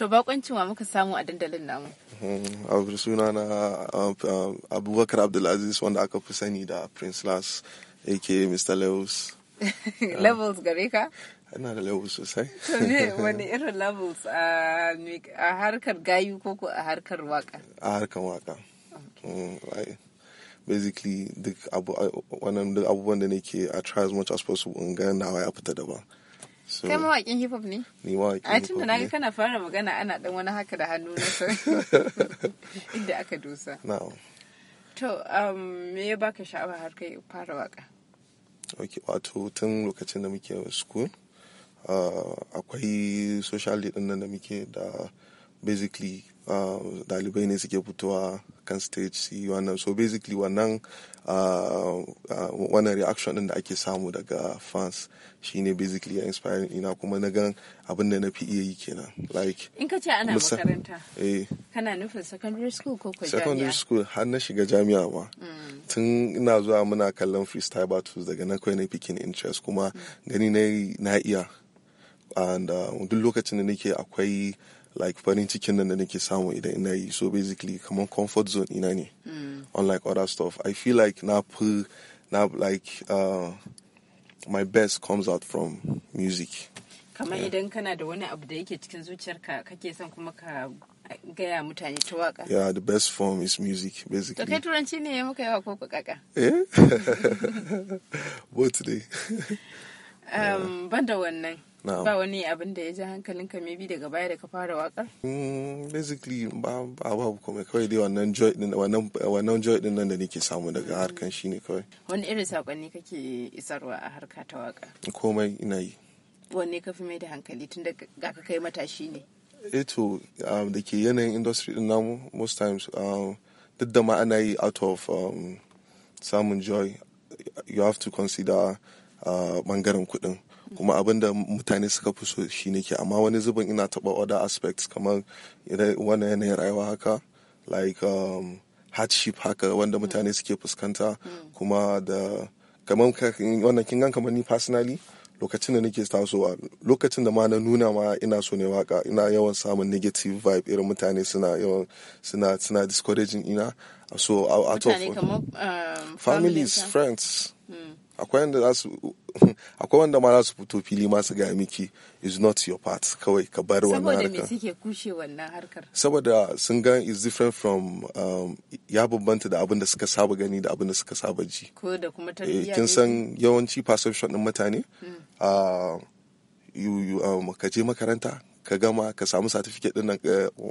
To bakoncin wa muka samu a dandalin namu? Hmm, a suna na uh, Abubakar Abdulaziz wanda aka fi sani da Prince Las aka Mr. Lewis. Levels gare ka? Ina da levels sosai. To ne wani irin levels uh, a harkar gayu ko a harkar waka? A harkar waka. Hmm, basically uh, duk abubuwan da nake a try as much as possible in ganin nawa ya fita daban. kai mawaƙin hip hop ne ni a tun da ga kana fara magana ana dan wani haka da hannu na sai inda aka dosa na'am to um, me ya baka sha'awa har kai fara waka ok wato tun lokacin da muke school uh, akwai social din nan da muke da basically uh, dalibai ne suke fitowa kan stage su yi wannan so basically wannan uh, uh, wannan reaction din da ake samu daga fans shine basically ya inspire ina kuma na gan abin da na fi iya yi kenan like in ka ce ana makaranta eh kana nufin secondary school ko ko secondary school har na shiga jami'a ma mm. tun ina zuwa muna kallon freestyle battles daga na kai na picking interest kuma mm. gani na iya and duk lokacin da nake akwai like farin cikin nan da nake samu idan ina yi so basically kamar comfort zone ina ne mm. unlike other stuff i feel like na fi na like uh, my best comes out from music kamar idan kana da wani abu da yake cikin zuciyarka kake son kuma ka gaya mutane ta waka yeah the best form is music basically to kai turanci ne ya muka yawa ko kaka eh both dai um, banda wannan ba wani abin da ya ji hankalinka maybe daga baya da ka fara wakar mm, basically ba ba komai kawai dai wannan joy din nan da nake samu daga mm. harkan shine kawai wani irin sakonni kake isarwa a harka ta waka komai ina yi wani ka fi mai da hankali tun da ga ka kai matashi ne eto eh um, da ke yanayin industry din namu most times um, duk da ma ana yi out of um, samun joy you have to consider bangaren uh, kuɗin kuma abin da mutane suka fi so shi ne ke amma wani zubin ina taɓa other aspects kamar wani yanayin rayuwa haka like um, hardship haka wanda mm. mutane suke fuskanta mm. kuma da kamar wannan kin gan kamar ni personally lokacin da nake tasowa lokacin da ma na nuna ma ina so ne waka ina yawan samun negative vibe irin mutane suna yawan suna suna discouraging ina so out of um, families friends mm. akwai wanda za su akwai wanda ma za su fito fili ma su ga miki is not your part kawai ka bar wannan harkar saboda me suke kushe wannan harkar saboda sun ga is different from um, ya bambanta da abin da suka saba gani da abin da suka saba ji ko da kuma tarbiyya eh, kin san yawanci perception din mutane uh, you, you um, ka je makaranta ka gama ka samu certificate din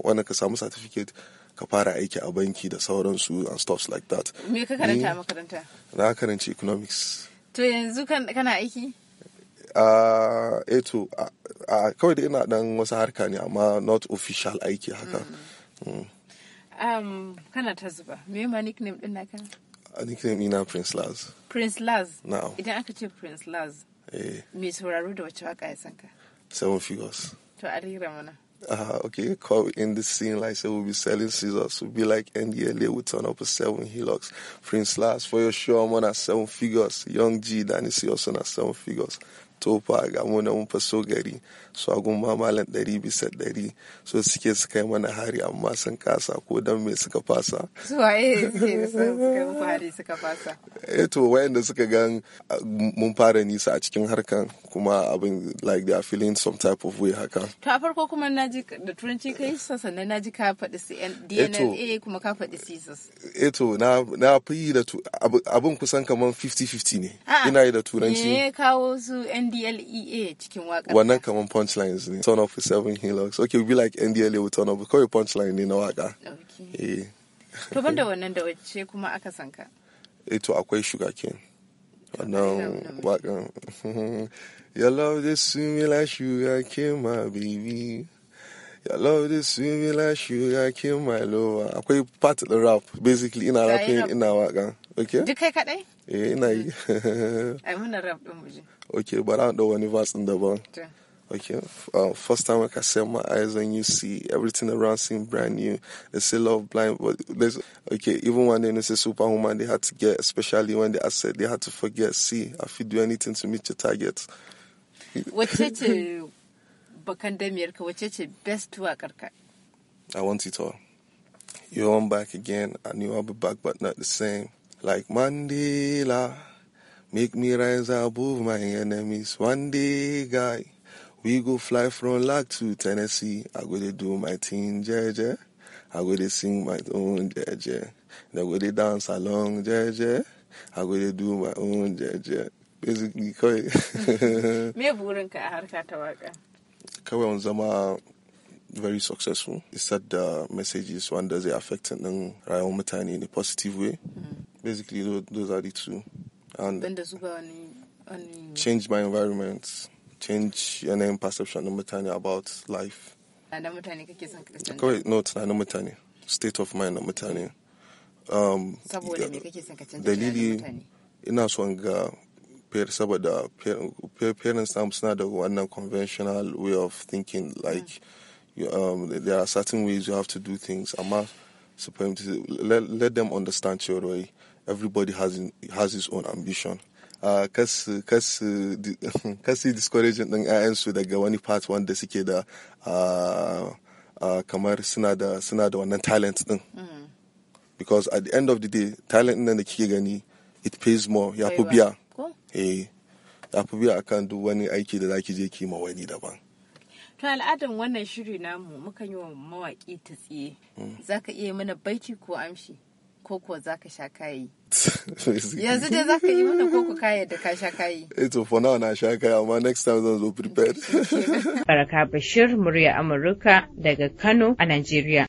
wannan ka samu certificate ka fara aiki a banki da sauransu and stuff like that. Me ka karanta a makaranta? Na karanci economics. To yanzu kana aiki? Uh, ah, eto, eh uh, uh, kawai da ina dan wasu harka ne amma not official aiki haka. Mm. mm. Um, kana ta zuba, me ma nickname din naka? A nickname ina Prince Laz. Prince Laz? Idan aka ce Prince Laz, eh. me sauraro da wacce waka ya sanka? Seven Figures. To a rira mana. uh, okay, call in this scene, like, say, we'll be selling scissors. We'll be like, NDLA We turn up a seven helix Prince Lars, for your show. I'm on at seven figures. Young G, Danny C, also on at seven figures. tofa ga mu na mun faso gari su agun ma malam ɗari bisa ɗari so suke su kai mana hari amma sun kasa ko dan me suka fasa. Zuwa eh suka hari suka fasa. Eh to wayanda suka gan mun fara nisa a cikin harkan kuma abin like they are feeling some type of way haka. To a farko kuma na ji da turanci kai sannan na ji ka faɗi eh DNA kuma ka faɗi CSIS. eto eh to na fi fi da abin kusan kamar 50-50 ne. Ah. Ina yi da turanci. ne kawo su NDLEA cikin waƙar. Wannan kaman punchlines ne. Turn up with seven hillocks. Okay, be like NDLEA with turn up. Kawai punchline ne na waƙa. Okay. Eh. To banda wannan da wacce kuma aka sanka? Eh to akwai sugar cane. Wannan waƙan. Your love is sweet like sugar cane, my baby. I love this swimming like sugar cane, my lover. Akwai part of the rap, basically ina rapping ina waƙan. ok duk kai kadai eh ina yi ai muna rap din muje ok bara da wani verse din daban Okay, uh, first time I I see my eyes and you, see everything around seemed brand new. They say love blind, but there's okay. Even when they say superwoman, they had to get, especially when they said they had to forget. See, I feel do anything to meet your target. What's it? Bakandemierka, what's it? Best work, I want it all. You're on back again. I knew I'll be back, but not the same like Mandela. Make me rise above my enemies. One day, guy, we go fly from Lac to Tennessee. I go to do my thing, jeje. I go to sing my own, jeje. I go to dance along, jeje. I go to do my own, jeje. Basically, kawai. Me burinka a harka ta waka? Kawai zama very successful. He said the messages wanda zai affect din rayuwar mutane in a positive way. Mm basically those, those are the two. And change my environment, change and then perception na mutane about life. Kawai no tunanin mutane, state of mind um, na mutane. Um, dalili ina son ga saboda parents namu suna da wannan conventional way of thinking like mm. you, um, there are certain ways you have to do things amma su let, let them understand your way everybody has, has his own ambition uh, kasu kasu discouraging din 'ya'yansu daga wani part wanda suke da ah, ah, kamar suna da suna da wannan talent din mm. because at the end of the day talent nan da kike gani it pays more ya fi biya eh ya fi biya akan duk wani aiki da zaki je ki ma wani daban to al'adan wannan shiri namu mukan yi wa mawaƙi ta tsiye mm. zaka iya mana baiki ko amshi koko za ka sha kayi yanzu dai za ka yi mana koko kayan da ka sha kayi eh for now na sha kayi amma next time zan zo prepared baraka bashir murya amurka daga kano a Najeriya.